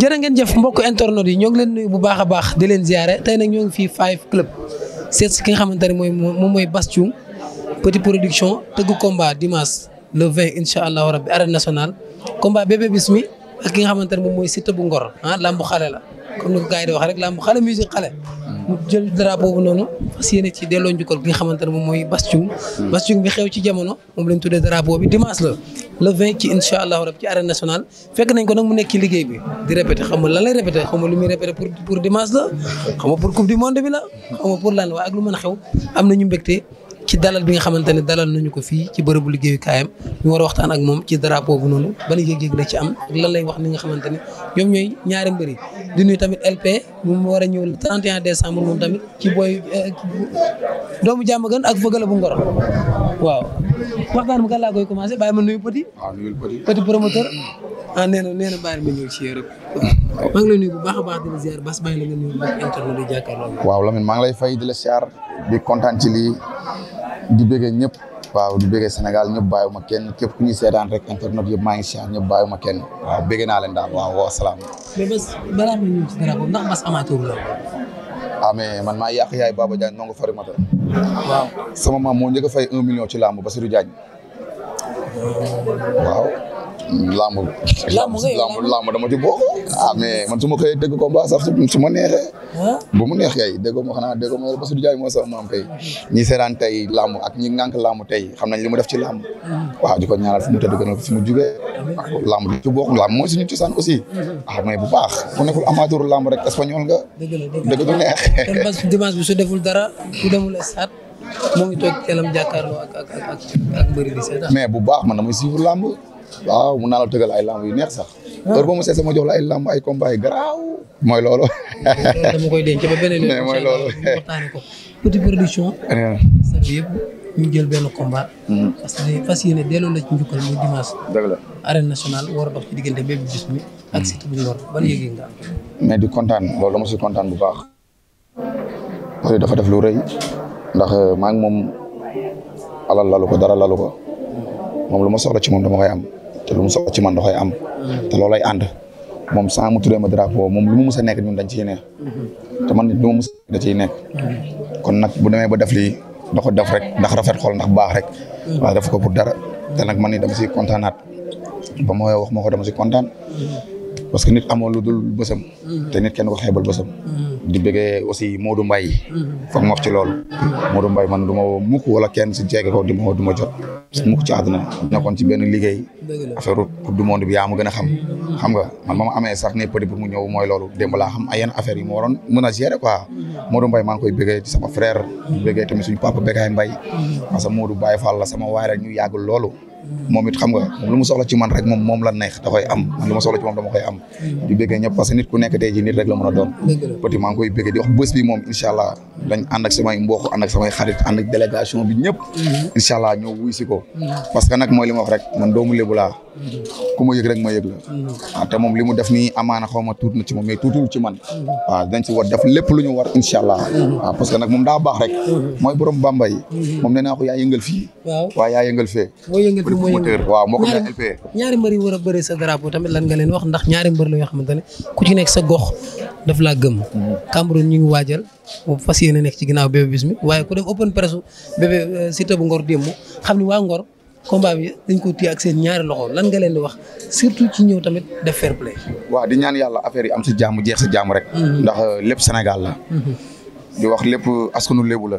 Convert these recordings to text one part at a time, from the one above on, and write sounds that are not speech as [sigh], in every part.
jërë ngeen jëf mbokk internautes yi ñoo ngi leen nuyu bu baax a baax di leen ziare te nag ñoo ngi fii five club seet si ki nga xamante ne mooy moom mooy Bass Thioung petit production tëgg combat dimanche le 20 incha allahu rabbi arène national combat bébé bismi ak ki nga xamante ne moom mooy Siteu bu Ngor ah lambu xale la comme ni ko gars yi di wax rek làmb xale musique xale mm. mu jël drapeau bu noonu fas yéene ci delloo njukkal gi nga xamante ne moom mooy Bass Thioung mm. Bass Thioung bi xew ci jamono moom lañ tuddee drapeau bi dimanche la le 20 ci incha allahu rab ci arène fekk nañ ko nag mu nekk ci liggéey bi di répété xam nga lan xam lu muy répété pour pour la mm. xam nga pour coupe du monde bi la xam nga pour lan waaye ak lu mën a xew am nañu te ci dalal bi nga xamante ne dalal nañu ko fii ci bërëbu liggéeyukaayam ñu war a waxtaan ak moom ci dara drapeau bu noonu ban yëg-yëg la ci am ak lay wax ni nga xamante ne ñoom ñooy ñaari mbëri di nuyu tamit LP bu mu war a ñëw le 31 décembre moom tamit ci booy euh, doomu jàmm gën ak fëgala bu ngoro waaw waxtaan bi kan laa koy commencé bàyyi ma nuyu Petit. waaw nuyu Petit Petit promoteur. ah nee na nee na bàyyi ma ñëw ci yow rek. waaw bu baax a baax di la ziar Bass bàyyi la nga nuyu mbokk internet di jàkkaarloo. waaw Lamine maa ngi lay fay di la ziar kontaan ci lii. di bëggee ñëpp waaw di bëggee Sénégal ñëpp bàyyiwuma kenn képp ku ñuy seetaan rek internet yëpp maa ngi si ñëpp bàyyiwuma kenn waaw bëggee naa leen daal waaw waaw salaam. mais bés ah, man maa yàq yaay Baba Diagne nongo fari mata waaw sama maam moo njëkk a fay un million ci làmb Basirou Diagne oh. waaw. lamb dama ci ah, mais man su ma koy dégg combat sax su ma neexee mu neex kay déggoo ma xanaa déggoo ma Bassirou Diaye moo sax maam kay ñi seeraan tey li mu def ci lamb hmm. waaw di ko ñaanal fu mu tëdd gënal fu mu jugee lamb di ci bokk lamb mooy suñu cosaan aussi hmm. ah mais bu baax ma nekkul amateur lamb rek espagnol nga dëgg du neex kon dimanche su deful dara mais bu baax man damay suivre lamb waaw mun naa la tëgal ay lamb yu neex sax. Ah. heure boo mu seet sama jox la ay lamb ay combat yu garaaw. mooy loolu. dama koy denc ba beneen yoon. [laughs] mooy loolu waxtaanee ko. Petit Production. [laughs] sa bi jël benn combat. Mm-hmm. parce que fas dimanche. dëgg la arène war dox ci diggante Bébé Bismi ak mm-hmm. Siteu bu Ngor ban yëg nga am. mais di kontaan loolu dama si kontaan bu baax. dafa def lu euh, maa moom alal lalu ko dara lalu ko. Mm-hmm. moom lu ma soxla ci moom dama koy am. te lu mu soxla ci man da am. te loolay ànd moom sans mu tuddee ma drapeau moom lu mu mus a nekk ñun dañ ciy nekk. te man lu ma mus da ciy nekk. kon nag bu demee ba def lii da ko def rek ndax rafet xool ndax baax rek. waaye def ko pour dara. te nag man ni dama si kontaanaat ba ma wax ma ko dama si kontaan. parce que nit amoon lu dul bësam. Mm-hmm. te nit kenn ko xeebal bësam. Mm-hmm. di bëggee aussi Modou Mbaye. Mm-hmm. foog ma wax ci loolu. Modou mbay man du ma woo mukk wala kenn si jege ko du ma du ma jot. parce que mukk àdduna nekkoon ci benn liggéey. affaire coupe du monde yaa ma gën a xam. xam nga man ma ma amee sax ne petit pour mu ñëw mooy loolu démb laa xam ay yenn affaire yi ma waroon mën a gérer quoi. Modou Mbaye maa ngi koy bëggee sama frère. di bëggee tamit suñu papa Bekaay mbay parce que Modou Baye Fall la sama waay rek ñu yàggul loolu. moom it xam nga lu mu soxla ci man rek moom la neex da koy am man lu ma soxla ci moom dama koy am la mën a mhm. si ko mhm. parce que nag mooy li ma wax rek man doomu mhm. ma yëg rek ma yëg ah moom li mu def nii amaan xaw ma tuut na ci moom mais tuutul ci man waaw dañ ci war lu ñu war incha allah parce que nag moom daa baax rek mooy borom bambay moom nee naa ko yaa yëngal fii waaw yaa yëngal fee moteur waaw moo ko nekk LP ñaari mbër yi war a bëri sa drapeau tamit lan nga leen wax ndax ñaari mbër la yoo ne ku ci nekk sa gox daf laa gëm mhm. Cameroun ñu ngi waajal fas yéene nekk ci ginnaaw bébé bis mi waaye ku def open press bébé euh, Siteu bu Ngor démb xam ni waa Ngor combat dañ ko téye ak seen ñaari loxo lan nga leen di wax surtout ci ñëw tamit def fair play waaw di ñaan yàlla affaire yi am si jaamu jeex si jaamu rek mhm. ndax euh, lépp Sénégal la mhm. di wax lépp askanu lébu la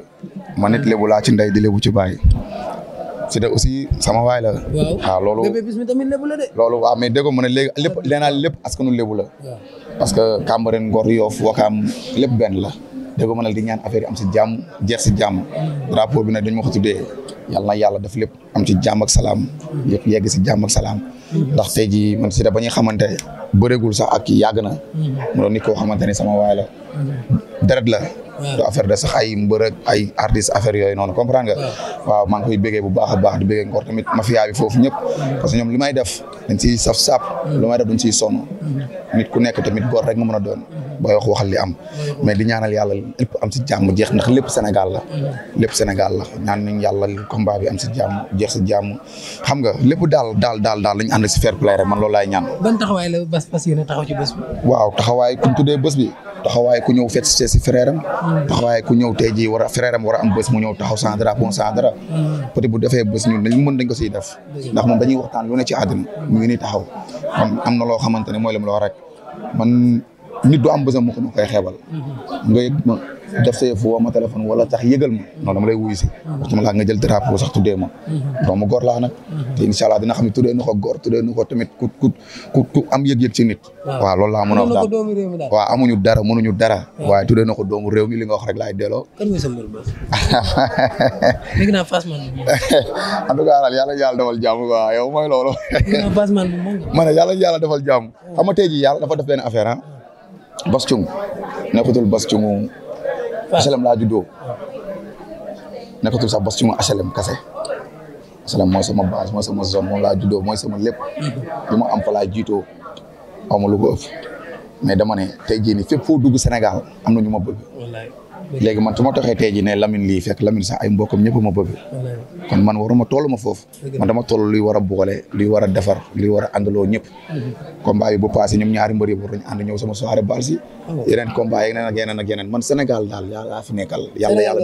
man nit lébu laa ci ndey di lébu ci bàyyi Siteu aussi sama waay la. waaw ah, loolu. bébé bis mi tamit lébu la de. loolu waaw ah, mais dégg nga mu ne lépp leenaa la. parce que Cambérène Ngor Yoff Wakaam lépp benn la. dégg ma ne di affaire am si jàmm jeer si jàmm mm. drapeau bi na dañ ma ko tuddee yàlla na yàlla def lépp am ci jàmm ak salaam yëpp mm. yegg si jàmm ak salaam mm. ndax tey jii man si da ba ñuy xamante bëreegul sax ak yàgg na mu doon nit koo xamante ne sama waay la deret la du affaire de sax ay mbër ak ay artistes affaire yooyu noonu comprendre nga waaw maa ngi koy bégee bu baax baax di bégee ngor tamit mafia bi foofu ñëpp parce que ñoom li may def dañ ciy saf sap mm. lu may def dañ ciy sonn mm-hmm. nit ku nekk tamit góor rek nga mën a doon mm-hmm. booy wax waxal li am mais di ñaanal yàlla lépp am si jàmm jeex ndax lépp Sénégal la lépp Sénégal la ñaan nañ yàlla combat bi am si jàmm jeex si xam nga lépp daal daal daal daal lañ ànd si fair play rek man loolu laay ñaan a taxaw ci bés bi waaw taxawaay ku ñu tuddee ku ñëw fet si si frère am hmm. ku ñëw tey jii war a frère am war a am bés mu ñëw taxaw sans dara bon sans hmm. bu defee bés ñun dañ mën dañ ko siy def hmm. ndax moom dañuy waxtaan lu ne ci àddina mu ngi ni taxaw am na loo xamante ne mooy li mu rek man nit du am besoin mu ko ma koy xeebal. Mhm. nga yëg ma def sa yëfu woo ma téléphone wala tax yëgal ma. non dama lay wuyu si. Mhm. waxtuma laa nga jël drapeau sax tuddee ma. doomu mhm. góor laa nag. te incha allah dina xam ne tuddee nu ko góor tuddee nu ko tamit ku ku ku am yëg-yëg ci nit. waaw loolu laa mën a wax daal waaw amuñu dara mënuñu dara. waaye tuddee na ko doomu réew mi li nga wax rek laay delloo. kan mooy sa mbër ba. [laughs] dégg naa Fass man. en tout cas daal yàlla yàlla defal jàmm quoi yow mooy loolu. dégg naa Fass man bu mag. [laughs] ma ne yàlla yàlla defal jàmm. xam nga tey jii yàlla dafa def benn affaire ah Bastion nekkatul Bastion HLM ah. laa juddoo nekkatul sax Bastion HLM kase HLM mooy sama base mooy sama zone moom laa juddoo mooy sama lépp bi mhm. ma am fa laa jiitoo aw ma lu ko ëpp mais dama ne tey jii nii fépp foo dugg Sénégal am na ñu ma léegi man su ma toxee tey ji ne Lamine lii fekk Lamine sax ay mbokkam ñëpp ma bëgg kon man waruma tollu ma foofu man dama tol luy war a boole luy war a defar luy war a àndaloo ñëpp combat bi bu ñoom ñaari mbër yëpp war nañu ànd ñëw sama soirée bal si ah yeneen combat yeneen ak yeneen ak yeneen man Sénégal daal yaa fi nekkal yàlla ñëpp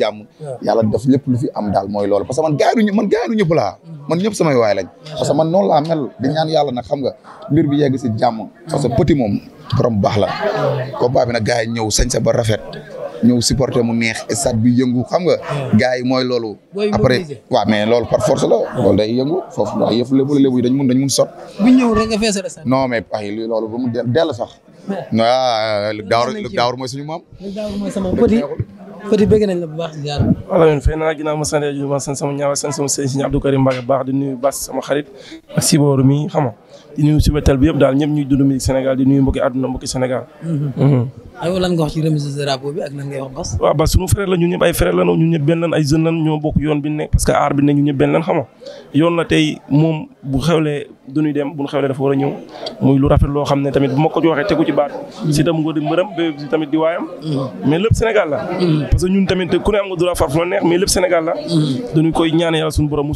ah. lu fi am daal mooy loolu parce que man gaañu man gaañu ñëpp laa man ñëpp samay waay lañ ah. parce que mel di ñaan yàlla xam nga mbir bi yegg si jàmm parce que petit moom borom baax la combat bi nag gars yi ñëw sañ sa ba rafet ñëw supporter mu neex stade bi yëngu xam nga. gars yi mooy loolu. après waaw mais lool par force la. loolu day yëngu foofu waaye yëfu lébu lébu yi dañ mun dañ mun sot. bu ñëw rek nga feesal stade. non mais ay sax. waaw ah, ah, Luc Daour Luc Daour mooy suñu maam. Luc Daour mooy sama petit petit bëgg nañ la bu baax di jaarale. wala man fay naa ginnaaw ma sant yàlla ma sama ñaaw sant sama sëñ mi xam nga di nuyu subetel bi yëpp daal ñëpp ñuy dund musique Sénégal di nuyu mbokki àdduna mbokki Sénégal. Mhm. Mhm. aywa lan nga wax ci la ñun ñëpp ay frère la ñun ñëpp benn lan ay yoon la tey moom bu xewlee duñuy dem bu ñu xewlee dafa war a ñëw muy lu rafet loo xam ne tamit bu ma ko waxee tegu ci baat mhm. si tam nga di mbërëm bébé bi tamit di waayam mais lépp Sénégal la parce que ñun tamit ku ne am nga droit far fu la neex mais lépp Sénégal la dañuy koy ñaan yàlla suñu borom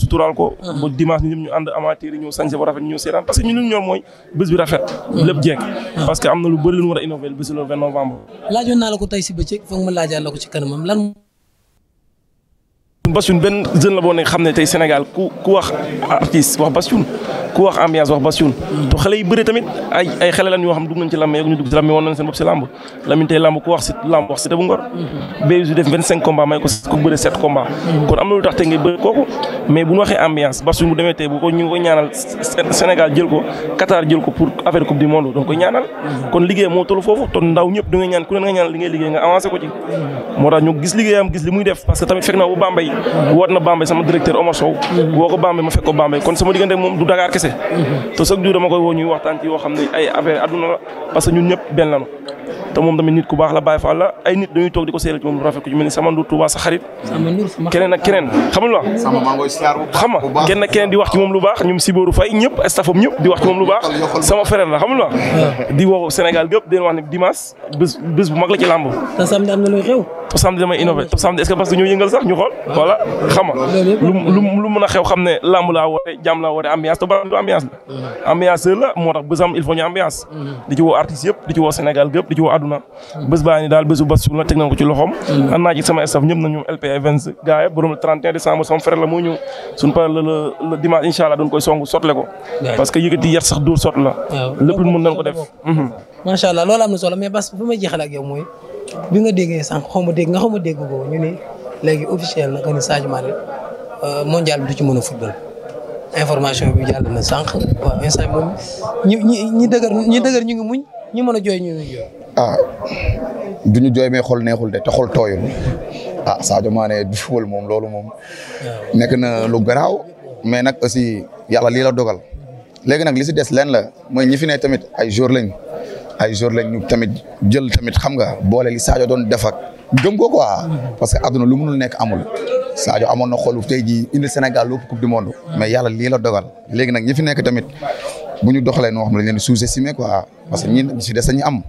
ñu lu ñoom mooy bés bi rafet. lépp jekk parce que am na lu bëri lu ñu war a innover bés le 20 naa la ko tey si bëccëg foog ma laajaat la ko ci kanamam lan. Bass Thioung benn jeune la boo ne xam ne tey Sénégal ku ku wax artiste wax Bass Thioung ku wax ambiance wax Bass Thioung te xale yi bëri tamit ay ay xale xam dugg nañ ci làmb yeeguñu dugg si làmb Lamine wax mm-hmm. combat may ko ku bëri combat mm-hmm. kon am na lu tax tey ngay bëri kooku mais bu ñu waxee ambiance Bass bu demee tey bu ko ñu ngi ko ñaanal Sénégal jël ko Qatar jël ko pour affaire coupe du monde donc koy ñaanal mm-hmm. kon liggéey moo toll foofu ton ndaw ñëpp da nga woot na Bambey sama directeur Omar Sow woo ko Bambey ma fekk ko Bambey kon sama diggante moom du Dakar kese te chaque jour koy woo ñuy waxtaan ci yoo xam ne ay affaire adduna la parce que ñun ñëpp benn lañu te moom tamit nit ku baax la Baye Fall la ay nit dañuy toog di ko seeral ci moom lu rafet ku ci mel ni sama Ndour Touba sa xarit. keneen ak keneen xam nga lu sama maa ngoy siyaar bu baax xam nga kenn ak keneen di wax ci moom lu baax ñoom Sibooru Faye ñëpp stafam ñëpp di wax ci moom lu baax sama frère la xam nga lu ah. di woo Sénégal gépp di wax ne dimanche bés bés bu mag la ci làmb. te samedi am na lu xew. te samedi damay innové te samedi est-ce que parce que ñoo yëngal sax ñu xool ah. voilà xam nga lu lu mën a xew xam ne làmb laa woote jàmm laa woote ambiance te ba du ambiance la ah. ambiance la moo tax bésam il faut ñu ambiance mm-hmm. di ci woo artistes yëpp di ci woo Sénégal gépp di ci woo àdduna bés baa ni daal bésu bas la teg na ko ci loxoom ànd mm. naa ci sama staff ñëpp na ñoom LP Events gars yi borom le 31 décembre sama frère la moo ñëw suñ pare le dimanche incha allah doon koy songu sotle ko parce que yëkkati yat sax dóor sot lépp lu mën ko def mm-hmm. Mm-hmm. macha allah loolu am na solo mais bas bu ma jeexal ak yow mooy bi nga déggee sànq xaw ma dégg euh, bi du ci mën a football information bi jàll na sànq moom ñi ñi ñi ngi muñ ñu mën a jooy ñu ngi jooy. ah du ñu jooy mais xol neexul de te xol tooyul ah Sadio Mané du football moom loolu moom. nekk na lu garaaw. mais nag aussi yàlla lii la dogal. léegi nag li si des leen la mooy ñi fi ne tamit ay jour lañ ay jour lañ ñu tamit jël tamit xam nga boole li Sadio doon def ak gëm ko quoi. parce que na lu mënul nekk amul. Sadio amoon na xolu tey jii indi Sénégal lu coupe du monde. mais yàlla lii la dogal. léegi nag ñi fi nekk tamit bu ñu doxalee xam ne dañ leen sous-estimer parce que ñi si des dañu am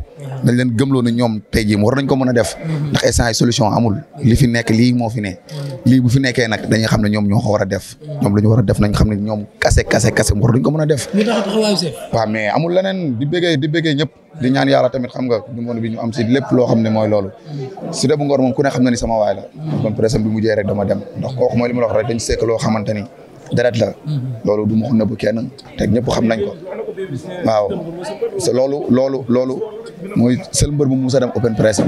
dañ leen gëmloo ne ñoom tey jii war nañ ko mën a def mm-hmm. ndax instant yi solution amul li fi nekk lii moo fi ne mm-hmm. lii bu fi nekkee nag dañuy xam ne ñoom ñoo ko war a def mm-hmm. ñoom lu war a def nañ xam ne ñoom kase kase kase war nañ ko mën a def waaw mais amul leneen di béggee di béggee ñëpp di ñaan yàlla tamit xam nga ñu mën bi ñu am si lépp loo xam ne mooy lool su dee bu ngor moom ku xam na ni sama waay la kon pression bi mujjee dama dem ndax kooku mooy li ma la rek dañ sekk loo xamante ni deret la mm-hmm. loolu du ma ko nëbb kenn te ñëpp xam nañ ko waaw loolu loolu loolu mooy seul mbër bu musa dem open press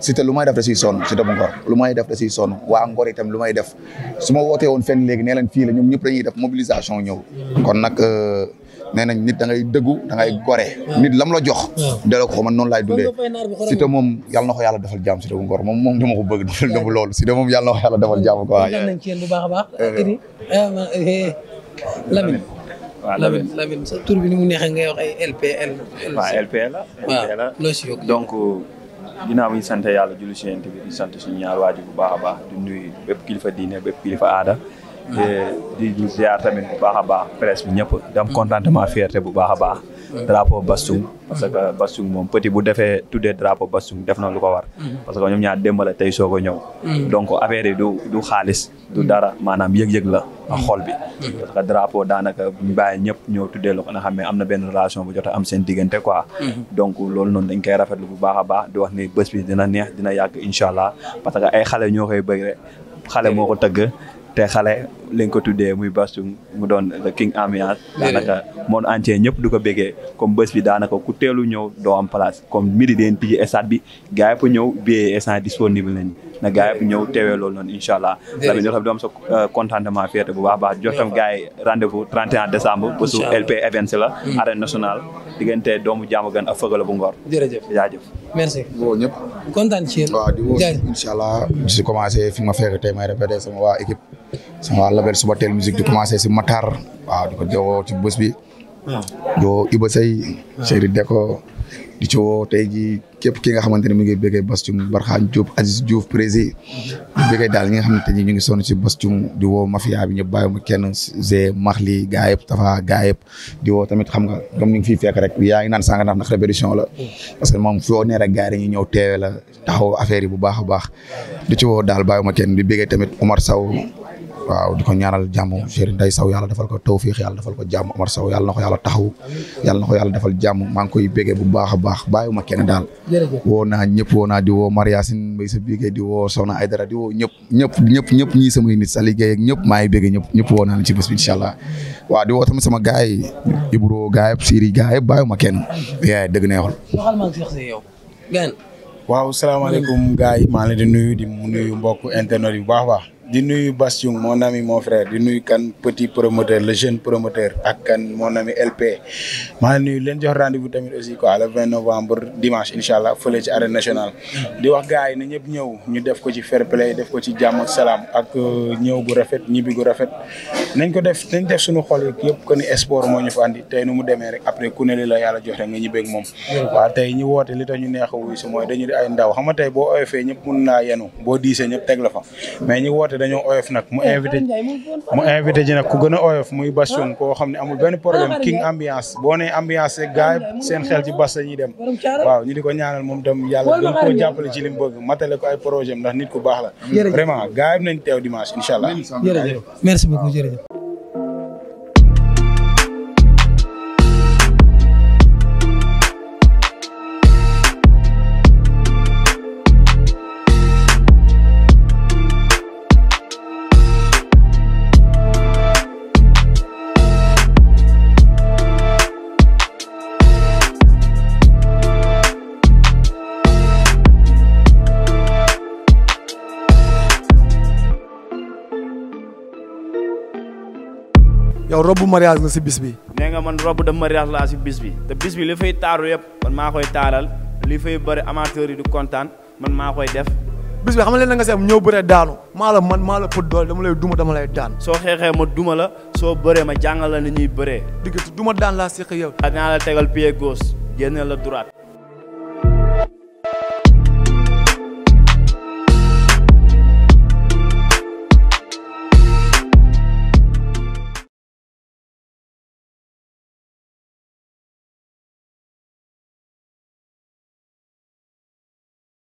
Siteu lu may def si siy sonn Siteu bu Ngor lu may def da siy sonn waa Ngor itam lu may def suma wootee woon fenn léegi nee leen fii la ñoom ñëpp dañuy def mobilisation ñëw kon nag euh, nee nañ nit da ngay dëggu da ngay gore nit lam la jox delloo ko man noonu laay dundee Siteu moom yàlla na ko yàlla defal jàmm Siteu bu ngor moom moom dama ko bëgg dul dëgg loolu Siteu moom yàlla na ko yàlla defal jàmm quoi bu baax a baax eh, eh. Eh, Lamine waaw bi ni mu neexee ngay wax ay LPL waaw LPL si yokk donc ginnaaw bi ñu sant yàlla julli si yéen di sant suñu ñaar waajur bu baax a baax di nuyu kilifa diine bépp kilifa aada di di ziar tamit bu baax a baax presse ñëpp. dam contentement fierté bu baax a baax. drapeau Bastung parce que Bastung moom petit bu defee tout tuddee drapeau Bastung def na lu ko war. parce que ñoom ñaar démb la tey soog a ñëw. donc affaire du du xaalis du dara maanaam yëg-yëg la ak xol bi. parce que drapeau daanaka ñu bàyyi ñëpp ñëw tuddee lu ko nga xam ne am na benn relation bu jot am seen diggante quoi. donc loolu noonu dañ koy rafetlu bu baax a baax di wax ni bés dina neex dina yàgg incha allah parce que ay xale ñoo koy bëgg rek xale moo ko tëgg. te xale lañ ko tuddee muy Bastung mu doon le king daanaka monde entier ñëpp du ko béggee comme bés bi daanaka ku teelu ñëw doo am place comme midi deen tijji stade bi gars yëpp ñëw billets instant disponible nañ na gars yëpp ñëw teewee lool noonu incha allah tamit ñoo xam du am euh, bu baax baax jox tam gars yi rendez-vous 31 décembre bésu LP events la mm. arène nationale diggante doomu jaamu gan ak fëgala bu ngor jërëjëf jaajëf merci woo ñëpp kontaan ci allah si commencé fi ma fekk tey may répété sama waa équipe sama label suba teel musique di commencé si Matar waaw di ko jowoo ci bés bi. di hmm. woo Iba Sey. Seyri Deko di ci woo tey jii képp ki nga xamante ne mi ngi bëggee Bastum Barxaan Diop Aziz Diouf prési di bëggee daal ñi nga xamante ni ñu ngi sonn si Bastum di woo mafia bi ñëpp bàyyiwuma kenn Zé Maxli gaa yëpp Tafa gaa yëpp di woo tamit xam nga comme ni nga fiy fekk rek yaa ngi naan sànq ndax ndax répétition la. Hmm. parce que moom foo nee rek gaa yi dañuy ñëw teewe la affaire yi bu baax a baax di ci woo daal bàyyiwuma kenn di bëggee tamit Omar Sow. waaw di ko ñaanal jàmm Serigne Ndeye Sow yàlla defal ko tawfiix yàlla defal ko jàmm Omar Sow yàlla na ko yàlla taxaw yàlla na ko yàlla defal jàmm maa ngi koy béggee bu baax a baax bàyyiwuma kenn daal woo naa ñëpp woo naa di woo Maria Sine mbay sa biigee di woo di woo ñëpp ñëpp ñëpp ñëpp ñii samay nit sa liggéey ak ñëpp maa ngi béggee ñëpp allah waaw di woo tamit sama Ibro gars Siri gars yëpp bàyyiwuma kenn yaay di nuyu Bass Thioung mon ami mon frère di nuyu kan petit promoteur le jeune promoteur ak kan mon ami LP maa ngi leen jox rendez-vous tamit aussi quoi le 20 novembre dimanche incha allah fële ci arène nationale. di wax ga yi na ñëpp ñëw ñu def ko ci fair play def ko ci jàmm ak salaam ak euh, ñëw gu rafet ñibbi gu rafet nañ ko def nañ def suñu xol yëpp que ni sport moo ñu fa andi tey nu mu demee rek après ku ne li la yàlla jox rek nga ñibbeeg moom. waaw tey ñu woote li tax ñu neex a wuyu si mooy dañu di ay ndaw xam nga tey boo oyofee ñëpp mun naa boo diisee ñëpp teg la fa woote dañoo oyof nag mu eh, invité mu invité ji nag ku oyof muy Bastion ah. koo xam ne amul benn problème ah, king ambiance boo nee ambiance rek gars yi seen xel ci bas la ñuy dem waaw ñu di ko ñaanal moom itam yàlla gën koo jàppale ci li mu bëgg matale ko ay projet ndax nit ku baax vraiment gars nañ teew dimanche incha robe mariage la si bis bi. nee nga man robe de mariage laa si bis bi. te bis bi li fay taaru yëpp man maa koy taaral li fay bëri amateurs yi du kontaan man maa koy def. bis bi xam nga leen nga si am ñëw bëree daanu maa la man maa la pët doole dama lay duma dama lay daan. soo xeexee ma duma la soo baree ma jàngal la ni ñuy bëree. digg duma daan laa seq yow. dinaa la tegal pied gauche génnee la duraat